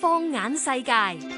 放眼世界。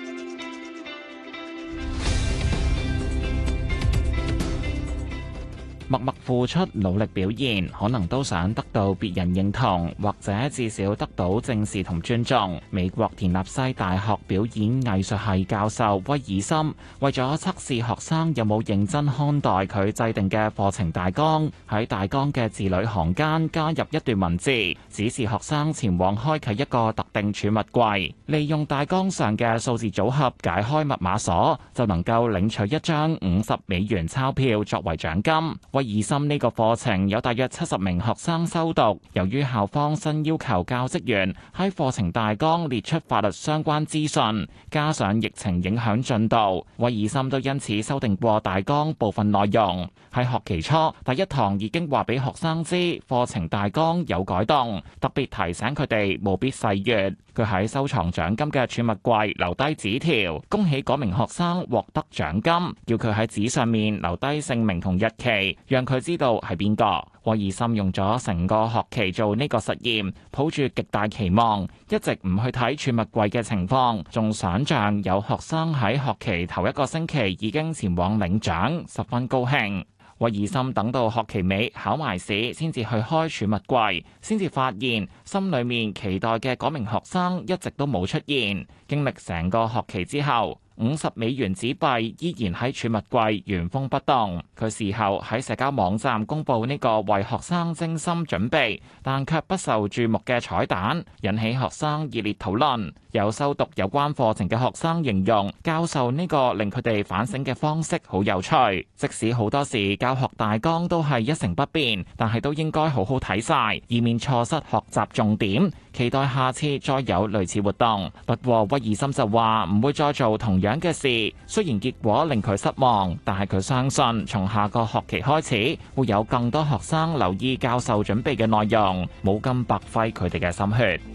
默默付出、努力表現，可能都想得到別人認同，或者至少得到正視同尊重。美國田納西大學表演藝術系教授威爾森為咗測試學生有冇認真看待佢制定嘅課程大綱，喺大綱嘅字裏行間加入一段文字，指示學生前往開啟一個特定儲物櫃，利用大綱上嘅數字組合解開密碼鎖，就能夠領取一張五十美元鈔票作為獎金。以琛，呢個課程有大約七十名學生修讀，由於校方新要求教職員喺課程大綱列出法律相關資訊，加上疫情影響進度，韋爾森都因此修訂過大綱部分內容。喺學期初第一堂已經話俾學生知課程大綱有改動，特別提醒佢哋務必細閱。佢喺收藏獎金嘅儲物櫃留低紙條，恭喜嗰名學生獲得獎金，要佢喺紙上面留低姓名同日期。讓佢知道係邊個。威爾森用咗成個學期做呢個實驗，抱住極大期望，一直唔去睇儲物櫃嘅情況，仲想象有學生喺學期頭一個星期已經前往領獎，十分高興。威爾森等到學期尾考埋試，先至去開儲物櫃，先至發現心裏面期待嘅嗰名學生一直都冇出現。經歷成個學期之後。五十美元紙幣依然喺儲物櫃，原封不動。佢事後喺社交網站公布呢個為學生精心準備，但卻不受注目嘅彩蛋，引起學生熱烈討論。有修讀有關課程嘅學生形容教授呢個令佢哋反省嘅方式好有趣。即使好多時教學大綱都係一成不變，但係都應該好好睇晒，以免錯失學習重點。期待下次再有類似活動，不過威爾森就話唔會再做同樣嘅事。雖然結果令佢失望，但係佢相信從下個學期開始會有更多學生留意教授準備嘅內容，冇咁白費佢哋嘅心血。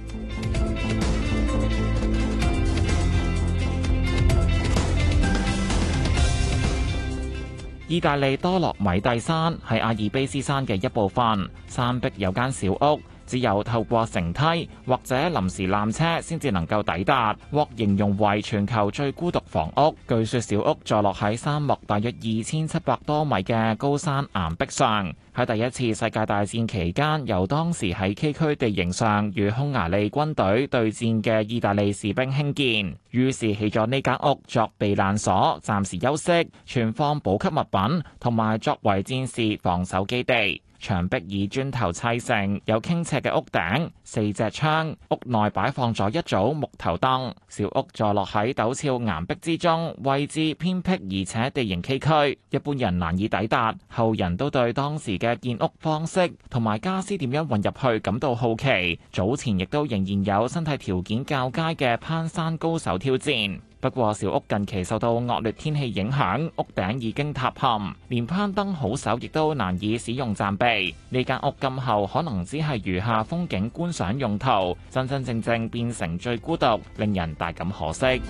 意大利多洛米蒂山係阿爾卑斯山嘅一部分，山壁有間小屋。只有透過乘梯或者臨時纜車先至能夠抵達，獲形容為全球最孤獨房屋。據說小屋坐落喺沙漠，大約二千七百多米嘅高山岩壁上。喺第一次世界大戰期間，由當時喺崎嶇地形上與匈牙利軍隊對戰嘅意大利士兵興建，於是起咗呢間屋作避難所、暫時休息、存放補給物品同埋作為戰士防守基地。牆壁以磚頭砌成，有傾斜嘅屋頂，四隻窗。屋內擺放咗一組木頭燈。小屋坐落喺陡峭岩壁之中，位置偏僻而且地形崎嶇，一般人難以抵達。後人都對當時嘅建屋方式同埋傢俬點樣運入去感到好奇。早前亦都仍然有身體條件較佳嘅攀山高手挑戰。不過，小屋近期受到惡劣天氣影響，屋頂已經塌陷，連攀登好手亦都難以使用暫避。呢間屋今後可能只係餘下風景觀賞用途，真真正正變成最孤獨，令人大感可惜。